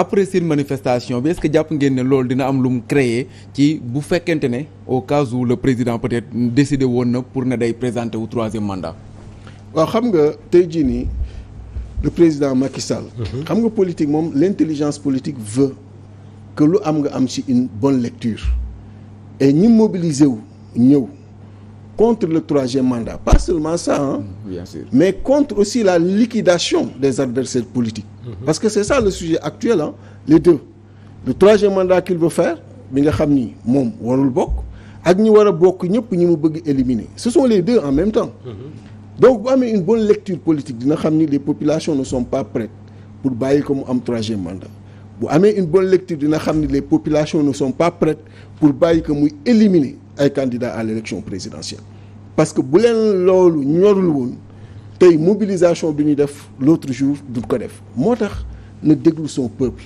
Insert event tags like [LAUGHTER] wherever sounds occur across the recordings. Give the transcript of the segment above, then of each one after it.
après manifestation bi est-ce que jàpp ngeen ne loolu dina am lu mu créer ci bu fekkente ne au cas où le président peut-être décidé woon na pour ne day présenter wu troisième mandat. waaw xam nga tey jii nii le président Macky Sall. Mhm. xam nga politique moom l'intelligence politique veut que lu am nga am ci une bonne lecture et ñi mobiliser wu ñëw. contre le troisième mandat. Pas seulement ça, hein, mm, Bien mais contre aussi la liquidation des adversaires politiques. Mm-hmm. Parce que c'est ça le sujet actuel, hein, les Le troisième mandat qu'il veut faire, bi nga xam ni moom warul bokk ak ñi war a bokk ñëpp ñi mu bëgg éliminer ce sont les deux en même temps. Mmh. donc bu amee une bonne lecture politique dina xam ni les populations ne sont pas prêtes pour bàyyi ko mu am troisième mandat. bu amee une bonne lecture dina xam ni les populations ne sont pas prêtes pour bàyyi ko muy éliminer. ay candidats à l'élection présidentielle parce que bu leen loolu ñorul woon tey mobilisation bi ñu def l'autre jour du ko def moo tax na déglu son peuple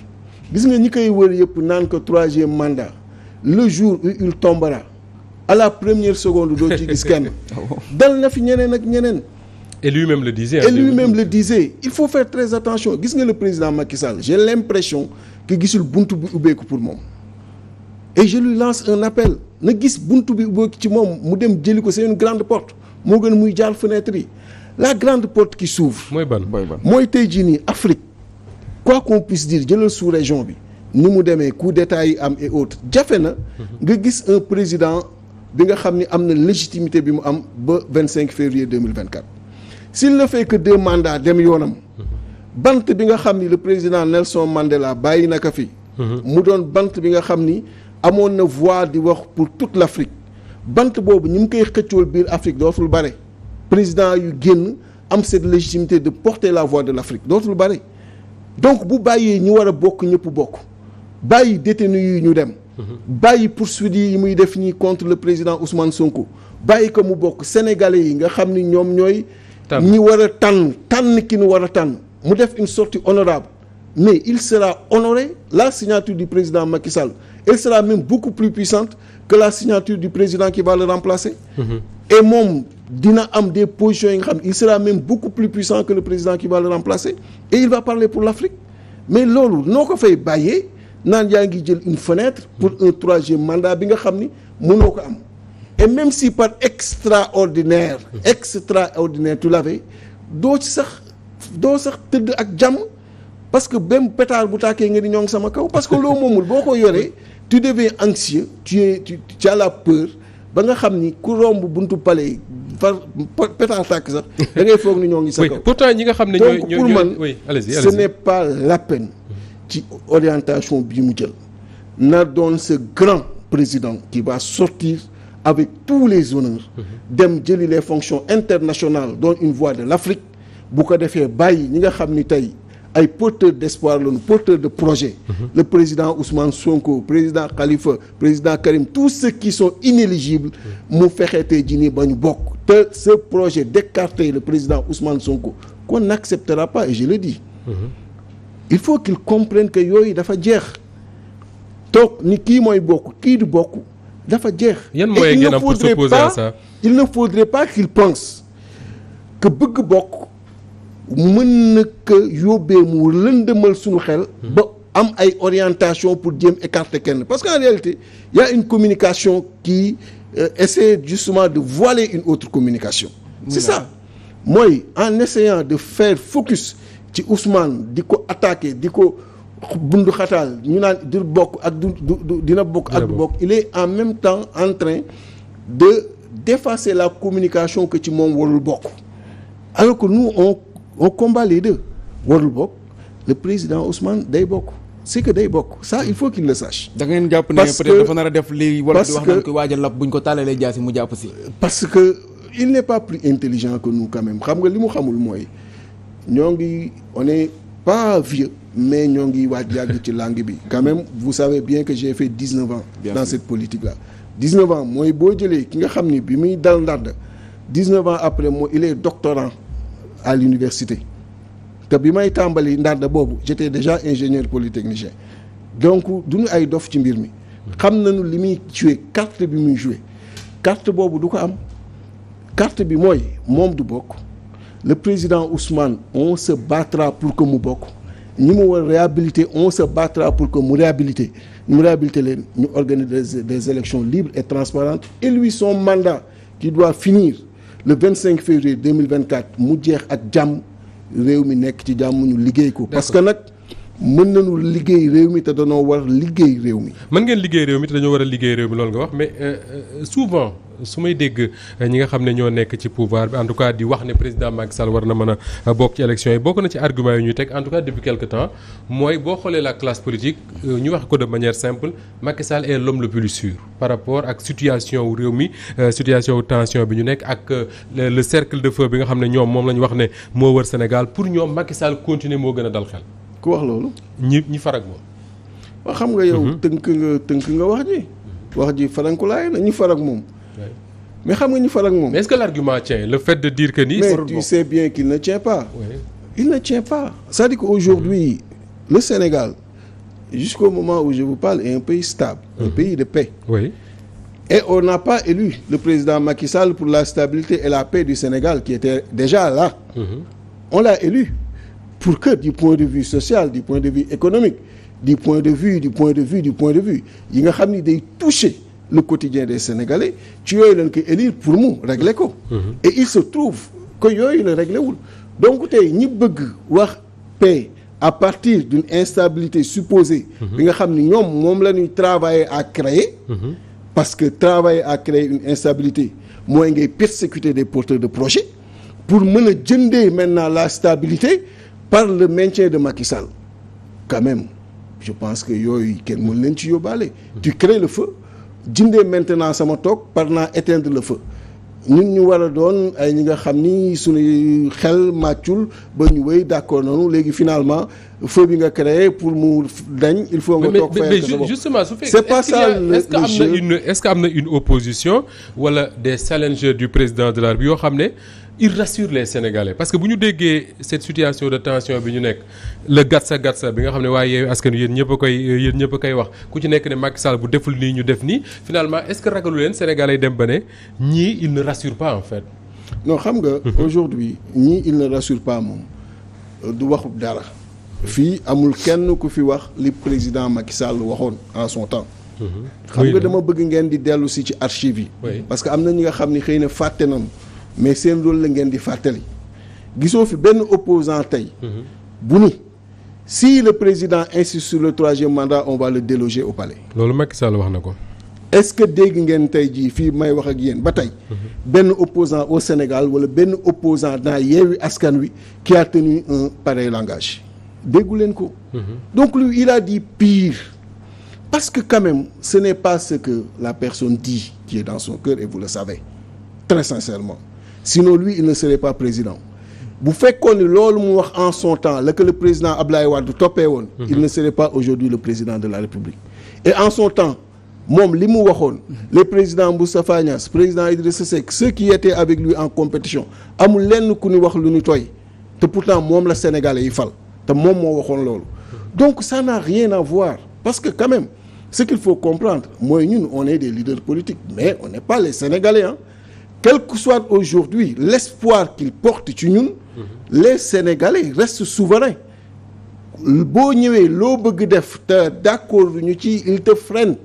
gis nga ñi koy wër yëpp naan ko troisième mandat le jour où il tombera à la première seconde doo ci gis kenn [LAUGHS] ah dal na fi ñeneen ak ñeneen et lui-même le disait et lui-même il faut faire très attention gis nga le président Macky Sall j'ai l'impression que gisul bunt bu ubbeeku pour moom et je lance un appel na gis bunt bi ubbi ci moom mu dem jëli ko c'est une grande porte moo gën muy jaar fenêtre yi la grande porte qui s'ouvre mooy ban mooy tey jii nii Afrique quoi qu'on puisse jëlal sous région bi ni mu demee coup d'état yi am et aut jafe na mhm. nga gis un président bi nga xam ni am na légitimité bi mu am ba 25 février 2024 s'il ne fait que deux mandats dem yoonam mhm. bant bi nga xam ni le président Nelson Mandela bàyyi na ko fi mhm. mu doon bant bi nga xam ni amoon na voix di wax pour toute l'Afrique bant boobu ñi mu koy xëccool biir Afrique dootul bare président yu génn am cette légitimité de porter la voix de l'Afrique dootul bare donc bu bàyyee ñi war a bokk ñëpp bokk bàyyi détenu yi ñu dem bàyyi poursuites yi muy def nii contre le président Ousmane Sonko bàyyi ko mu bokk sénégalais yi nga xam ni ñoom ñooy ñi war a tànn tànn ki nu war a tànn mu def une sortie honorable mais il sera honoré la signature du président Macky Sall elle sera même beaucoup plus puissante que la signature du président qui va le remplacer mhm. et moom dina am des positions yi nga xam il sera même beaucoup plus puissant que le président qui va le remplacer et il va parler pour l'Afrique mais loolu noo ko fay bàyyee naan yaa ngi jël une fenêtre pour un troisième mandat bi nga xam ni mënoo ko am et même si par extraordinaire mhm. extraordinaire tu l'avais doo ci sax doo sax tëdd ak jàmm parce que même pétard bu tàkkee nga ni ñoo ngi sama kaw parce que loo moomul boo ko yoree tu deviens anxieux tu es tu, tu as la peur ba nga xam ni ku romb buntu palais yi far pétard tàkk sax da ngay foog ni ñoo ngi sa kaw pourtant yi nga xam ne ñoo donc pour man ce n'est pas la ci orientation bi mu jël na doon ce grand président qui va sortir avec tous les honneurs mhm. dem jëli les fonctions internationales dont une voix de l'Afrique bu ko defee bàyyi ñi nga xam ni tey ay porteur d'espoir lañu porteur de projet mhm. le président Ousmane Sonko président Khalifa président Karim tous ceux qui sont inéligibles mhm. mu fexe tey jii nii ba ñu bokk te ce projet d'écarter le président Ousmane Sonko qu'on n'acceptera pas et je le dis mhm. il faut qu'il comprenne que yooyu dafa jeex toog ni kii mooy bokk kii du bokk dafa jeex yan moyen ngeen am pour s'opposer à ça il ne faudrait pas qu'il pense que bëgg bokk mën na ko yóbbee mu lëndëmal suñu xel. ba am ay orientation pour jéem écarter kenn parce que en réalité y a une communication qui euh, essaie justement de voiler une autre communication. c'est ça mooy en essayant de faire focus ci Ousmane di ko attaquer di ko. bundu xataal ñu naan du bokk ak du du dina bokk ak du bokk il est en même temps en train de d'effacer la communication que ci moom warul bokk alors que nous on on combat les deux warul bokk le président Ousmane day bokk c'est que day bokk ça il faut qu'il le sache. da ngeen jàpp ne peut-être dafa nar a def li wala di wax naan ko waaj a lap ko taalalee jaasi mu jàpp si. parce que il n'est pas plus intelligent que nous quand xam nga li mu xamul mooy ñoo ngi on est pas vieux. mais ñoo ngi waaj yàgg ci langue bi. quand même vous savez bien que j'ai fait dix neuf ans. Bien dans sûr. cette politique là. dix neuf ans mooy boo jëlee ki nga xam ni bi muy dal ndàdd dix neuf ans après mooy il doctorant. à l'université te bi may tàmbali Ndanda boobu j'étais déjà ingénieur polytechnicien donc du duñu ay dof ci mbir mi xam nañu li muy joué carte bi muy joué carte boobu du ko am carte bi mooy moom du bokk le président Ousmane on se battra pour que mu bokk ñi mu war réhabiliter on se battra pour que mu réhabiliter mu réhabiliter leen ñu organiser des élections libres et transparentes et lui son mandat qui doit finir le 25 février 2024 mu jeex ak jàmm réew mi nekk ci jàmm ñu liggéey ko. parce que nag. mën nañu liggéey réew mi te dañoo war liggéey réew mi. ngeen liggéey réew mi te war a liggéey réew mi loolu nga wax mais euh, euh, souvent su may dégg euh, ñi nga xam ne ñoo nekk ci pouvoir bi en tout cas di wax ne président Macky Sall war na mën a bokk ci élection yi bokk na ci argument yi ñu teg en tout cas depuis quelque temps mooy boo xoolee la classe politique ñu wax ko de manière simple Macky Sall est l'homme le plus sûr par rapport ak situation wu réew mi situation wu tension bi ñu nekk ak le cercle de feu b nga xam ne ñoom moom la ñu wax ne moo wër Sénégal pour ñoom Macky Sall continuer moo gën a dal xel. ku wax loolu. ñi ñi farag moom. waaw xam nga yow. Mhm. tënk nga tënk nga wax ji. Mhm. wax ji farankulaay na ñi farag moom. mais xam nga ñu farag moom. mais est-ce que l'argument tient de dire que ni. mais tu sais bien qu'il ne tient pas. Oui. il ne tient pas c'est-à-dire qu'aujourd'hui mhm. le Sénégal jusqu'au moment où je vous parle est un pays stable. Mmh. un pays de paix. et on n'a pas élu le président Macky Sall pour la stabilité et la paix du Sénégal qui était déjà là. on l'a élu pour que du point de vue social du point de vue économique du point de vue du point de vue du point de vue yi nga xam ni day toucher le quotidien des Sénégalais ci yooyu lañ koy élire pour mu régler ko mhm. et il se trouve que yooyu la réglé wul donc tey ñi bëgg wax paix à partir d'une instabilité supposée mhm. bi nga xam ni ñoom moom la ñuy travailler à créer mhm. parce que travailler à créer une instabilité mooy ngay persécuter des porteurs de projet pour mën a jëndee maintenant la stabilité par le maintien de Macky Sall même je pense que yooyu kenn mën leen ci yóbbaale. tu crées le fa jindee maintenant sama toog par naa éteindre le fa ñun ñu war a doon ay ñi nga xam ni suñu xel màccul ba ñu wéy d'accord noonu léegi finalement feu bi nga créé pour mu dañ il faut nga toog fayal sa bopp justement su fekkee c'est pas ça le est-ce que am na une est-ce que am na une opposition wala des challengers du président de la République yoo xam ne il rassure les Sénégalais parce que bu ñu déggee cette situation de tension bi ñu nekk le gatsa gatsa bi nga xam ne waaye yeewu askan wi yéen ñëpp a koy euh, yéen ñëpp a koy wax ku ci nekk ne Macky Sall bu deful nii ñu def nii finalement est-ce que ragalu leen Sénégalais dem ba ne ñii il ne rassure pas en fait. non xam nga. Mhm. aujourd'hui ñii il ne rassure pas moom euh, du waxu dara. fii amul kenn ku fi wax li président Macky Sall waxoon en son temps. Mhm. xam nga dama bëgg ngeen di dellu si ci archives yi. parce que am na ñi nga xam ni xëy na fàtte nañu. mais seen loolu la ngeen di fàttali gisoo fi benn opposant tey bu ni si le président insiste le troisième mandat on va le déloger au palais loolu Macky Sall wax na ko est-ce que dégg ngeen tey jii fii may wax ak yéen ba tey mhm. benn opposant au Sénégal wala benn opposant dans Yewwi Askan Wi qui a tenu un pareil langage déggu leen ko mhm. donc lui il a dit pire parce que quand même ce n'est pas ce que la personne dit qui est dans son cœur et vous le savez très sincèrement sinon lui il ne serait pas président bu fekkoon ni loolu mu wax en son temps la que le président Ablaye Wade toppee woon mhm. il ne serait pas aujourd'hui le président de la République et en son temps moom li mu waxoon les président Moustapha Niasse président Idrissa Seck ceux qui étaient avec lui en compétition amul lenn ku ñu wax lu ñu tooy te pourtant moom la Sénégalais yi fal te moom moo waxoon loolu donc ça n'a rien à voir parce que quand même ce qu'il faut comprendre mooy ñun on des leaders politiques mais on n'est pas quel que soit aujourd'hui l'espoir qu'il porte ci ñun les Sénégalais restent souverains boo ñëwee loo bëgg def te d'accord ñu ci il te freine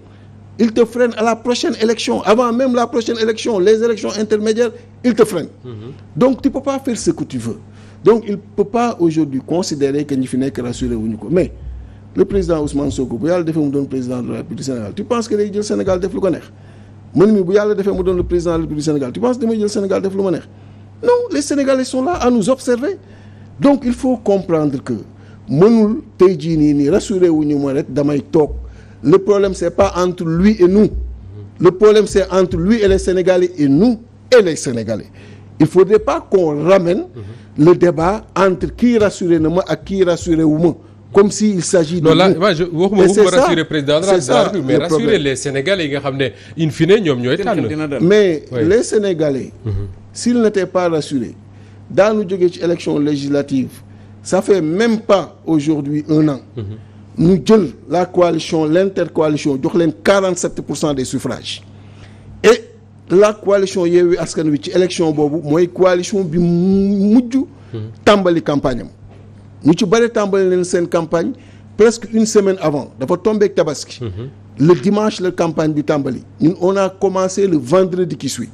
il te freine à la prochaine élection avant même la prochaine élection les élections intermédiaires il te freine mhm. donc tu peux pas faire ce que tu veux donc il peut pas aujourd'hui considérer que ñi fi nekk rassuré wuñu ko mais le président Ousmane Sonko bu yàlla defee mu doon président de la République du Sénégal tu penses lu ko man mi bu yàlla de mu doon le président de la République du Sénégal tu penses damay jël Sénégal def lu ma non les Sénégalais sont là à nous observer donc il faut comprendre que mënul tey jii nii nii rassuré wu ñu ma rek damay toog le problème c'est pas entre lui et nous le problème c'est entre lui et les Sénégalais et nous et les Sénégalais il faudrait pas qu'on ramène mmh. le débat entre kii rassurer na ma ak kii rassuré wu ma comme si il s'agit de. non là waaw je waxuma waxuma rassurer président de la République mais rassurer les sénégalais yi nga xam ne in fine ñoom ñooy tànn. mais les sénégalais. Mhm. s'ils n'étaient pas rassurés daanu jógee ci élection législative ça fait même pas aujourd'hui un an. Mhm. ñu jël la coalition l'intercoalition jox leen 47 pour cent des suffrages. et la coalition Yewwi Askan Wi ci élection boobu mooy coalition bi mujj. Mhm. tàmbali campagne am. ñu ci bëri tàmbali leen seen campagne presque une semaine avant dafa tombeek tabaski mhm. le dimanche la campagne bi tàmbali ñun on a commencé le vendredi qui suit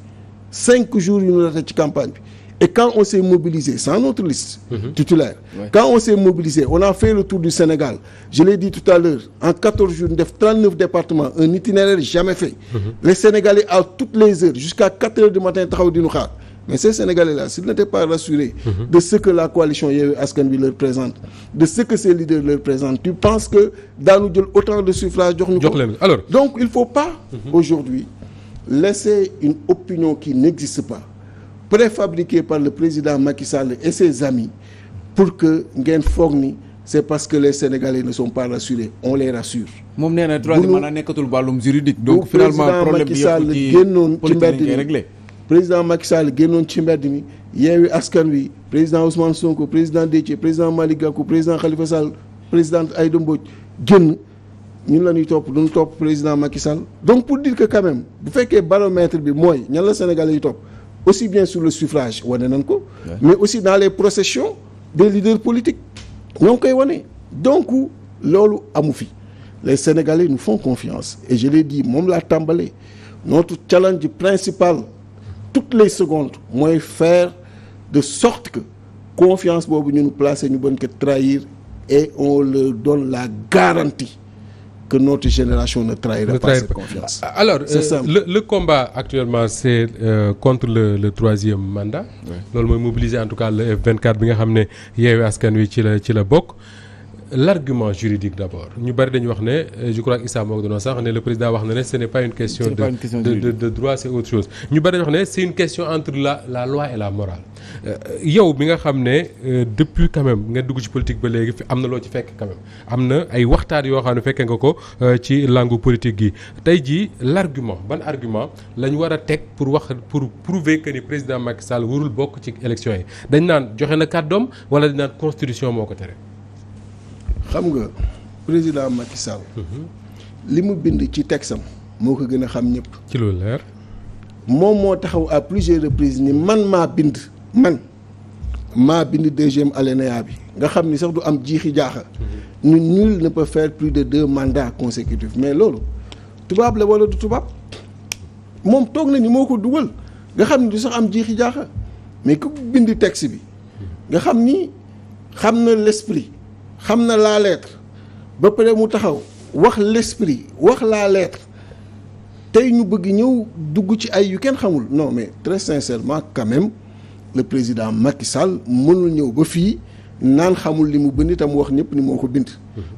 cinq jours yu ñu rate ci campagne bi et quand on s'est mobilisé sans notre liste mhm. titulaire ouais. quand on s'est mobilisé on a fait le tour du Sénégal je l'ai dit tout à l'heure en quatorze jours ñu def trente-neuf départements un itinéraire jamais fait mhm. les Sénégalais à toutes les heures jusqu'à taxaw di xaar Mais ces Sénégalais-là, s'ils n'étaient pas rassurés mmh. de ce que la coalition Yewwi Askan Wi leur présente, de ce que ces leaders leur présentent, tu penses que daanu jël autant de suffrages jox ñu ko. Alors, donc il faut pas mmh. aujourd'hui laisser une opinion qui n'existe pas, préfabriquée par le président Macky Sall et ses amis pour que ngeen foog ni c'est parce que les Sénégalais ne sont pas rassurés on les rassure. moom nee na troisième mandat nekkatul wàllum juridique. président Macky Sall génnoon ci mbedd mi yeewi askan wi président Ousmane Sonko président Déthié président mali Gakou président Khalifa Sall président ay Mbodj génn ñu la ñuy topp duñ topp président Macky Sall donc pour dire que quand bu fekkee baromètre bi mooy ñan la Sénégalais yi topp aussi bien sur le suffrage wane nañ ko mais aussi dans les processions des leaders politiques ñoo koy wane donc loolu amu fi les Sénégalais nous font confiance et je l'ai dit moom laa tàmbalee notre challenge principal toutes les secondes mooy faire de sorte que confiance boobu ñun placé ñu bën ko trahir et on leur donne la garantie que notre génération ne trahira ne pas trahir cette pas. confiance. Ah, alors, euh, Le, le, combat actuellement, c'est euh, contre le, le, troisième mandat. Oui. loolu mooy mobiliser en tout cas le bi nga xam ne Yewwi Askan Wi ci la ci la bokk. l'argument juridique d'abord ñu bari dañu wax ne euh, je crois que Issa moo ko doon sax ne le président wax na ne ce n'est pas une question de droit c'est autre chose ñu bari dañu wax ne c'est une question entre la la loi et la morale euh, yow bi nga xam ne euh, depuis quand nga dugg ci politique ba léegi fi am na loo ci fekk quand même am na ay waxtaan yoo xam ne fekkee nga ko ci langu politique gi tey jii l'argument ban argument lañ war a teg pour wax pour prouver que ni président Macky Sall warul bokk ci élection yi dañ naan joxe na kàddoom wala naan constitution moo ko xam nga président Macky Sall. li mu bind ci texam moo ko gën a xam ñëpp. ci lu leer. moom moo taxaw à plusieurs reprises ni man maa bind man maa bind deuxième alinéa bi nga xam ni sax du am jiixi jaaxa ñun nul ne peut faire plus de deux mandats consécutifs mais loolu tubaab la wala du tubaab moom toog nañu moo ko dugal nga xam ni du sax am jiixi jaaxa mais ku bind texte bi nga xam ni xam na l'esprit xam na la lettre ba pare mu taxaw wax l'esprit wax la lettre tey ñu bëgg ñëw dugg ci ay yu kenn xamul non mais très sincèrement quand même le président makki sal mënul ñëw ba fii naan xamul li mu bind mu wax ñëpp ni moo ko bind.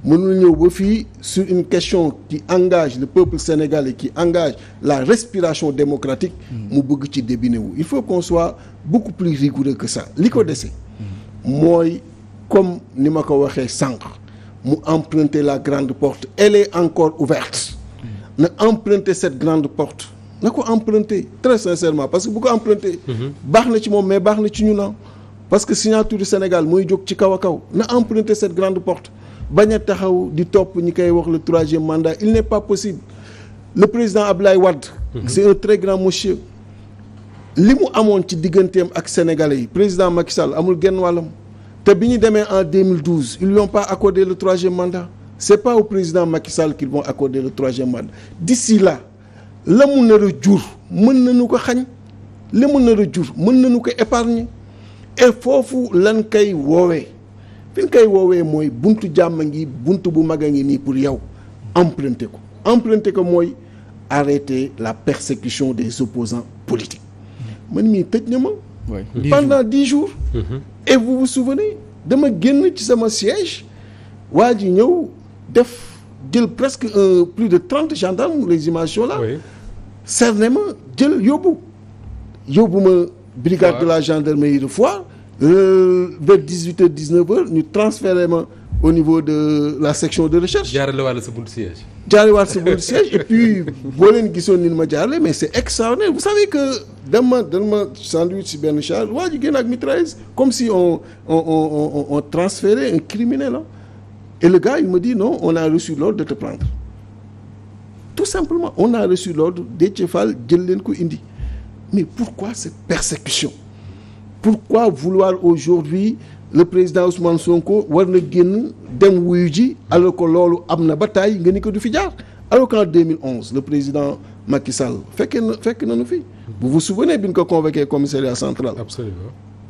mënul ñëw ba fii sur une question qui engage le peuple sénégalais qui engage la respiration démocratique. mu bëgg ci débiné wu il faut qu'on soit beaucoup plus rigoureux que ça li ko dese. Mm. mooy. comme ni ma ko waxee sànq mu emprunter la grande porte elle encore ouverte mm-hmm. na emprunter set grande porte na ko emprunter très sincèrement parce que bu ko emprunter mm-hmm. baax na ci moom mais baax na ci ñu na ah. parce que signature du Sénégal mooy jóg ci kaw a kaw na emprunter cette grande porte bañ a taxaw di topp ñi koy wax le troisième mandat il n'est pas possible le président Abdoulaye Wade mm-hmm. c'est un très grand monsieur li mu amoon ci digganteem ak sénégalais yi président Macky Sall amul genn wàllam te bi ñu demee en 2012 ils lui ont pas accordé le troisième mandat c'est pas au président Macky Sall qu'ils vont le troisième mandat d'ici là la la mu nar a jur mën nañu ko xañ la mu nar a jur mën nañu ko épargner et foofu lan kay woowee fi ñu koy woowee mooy buntu jàmm ngi buntu bu mag a ngi nii pour yow emprunter ko emprunter ko mooy arrêter la persécution des opposants politiques man mii tëj na ma oui pendant dix jours. Mm-hmm. et vous vous souvenez dama génn ci sama siège waa ji ñëw def jël presque euh, plus de trente gendarmes les images sont là. ma jël yóbbu yóbbu ma. brigade de la gendarmerie de Foire. Euh, vers dix huit heures dix neuf ñu transféré au niveau de la section de recherche. jaarale waale sa buntu siège. boo leen gisoon ni ma jaarale mais c' est extraordinaire que dama dama sandwich si benn charge waa ji génn comme on on on on, on transférait un criminel ah. et on a reçu l'ordre jël leen ko indi mais pourquoi pourquoi vouloir aujourd'hui le président Ousmane Sonko war na génn dem wuyu ji alors que loolu am na ba tey nga ni ko du fi jaar alors qu'en 2011 le président Macky Sall fekkee na fekk nañu fi. vous vous souvenez bi ñu ko convoqué commissariat central. absolument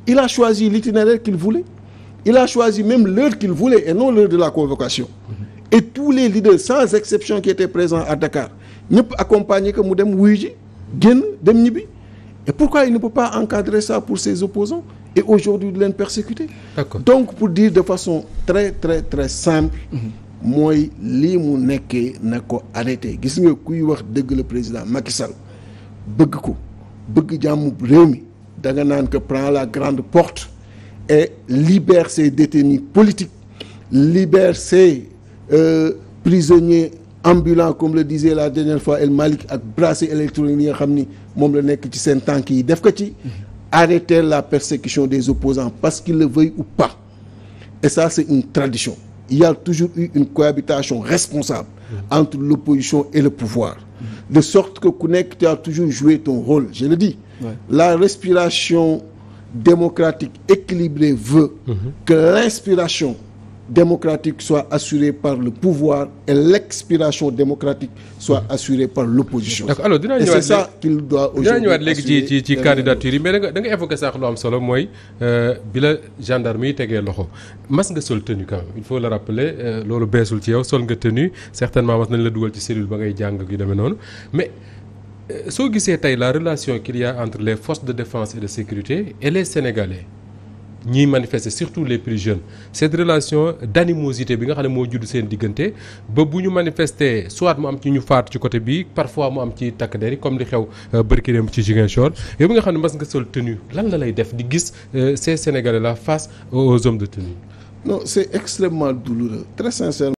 il a choisi l'itinéraire qu'il voulait. il a choisi même l'heure qu'il voulait et non l'heure de la convocation. et tous les leaders sans exception qui étaient présents à Dakar ñëpp accompagner ko mu dem wuyu ji génn dem ñibbi. Et pourquoi il ne peut pas encadrer ça pour ses opposants et aujourd'hui di leen persécuter donc pour dire de façon très très très simple mhm. mooy lii mu nekkee na ko arrêté gis nga kuy wax dëgg le président Macky Sall bëgg ko bëgg jàmm réew mi da nga naan que prend la grande porte et libère ses détenus politiques libère ses euh, prisonniers ambulants comme le disait la dernière fois El Malick ak bracelet électronique yi nga xam ni moom la nekk ci seen tànk yi def ko ci arrêter la persécution des opposants parce qu'ils le veuillent ou pas et ça c'est une tradition il y a toujours eu une cohabitation responsable entre l'opposition et le pouvoir de sorte que ku nekk tu as toujours joué ton rôle je le dis ouais. la respiration démocratique équilibrée veut mm-hmm. que l'inspiration démocratique soit assurée par le pouvoir et l'expiration démocratique soit mm-hmm. assurée par l'opposition alors dinaa ñëwaat c'est ça qu'il dinaa ñëwaat léegi ci ci ci candidature yi mais da nga da nga évoqué sax lu am solo mooy euh, bi la gendarme yi tegee loxo mas nga sol tenue quand même faut le rappeler euh, loolu beesul ci yow sol nga tenue certainement mas nañ la dugal ci cellule ba ngay jàng yu demee noonu mais euh, soo gisee tey la relation qu'il entre les forces de défense et de sécurité et les Sénégalais ñiy manifester surtout les plus jeunes cette relation d'animosité bi nga xam ne moo judd seen diggante ba bu ñu manifester soit mu am ci ñu faatu ci côté bi parfois mu am ci takk der comme li xew euh, bërki dem ci Ziguinchor yow bi nga xam ne mas nga sol tenue lan la lay def di gis euh, ces Sénégalais là face aux hommes de tenue non c'est extrêmement douloureux très sincèrement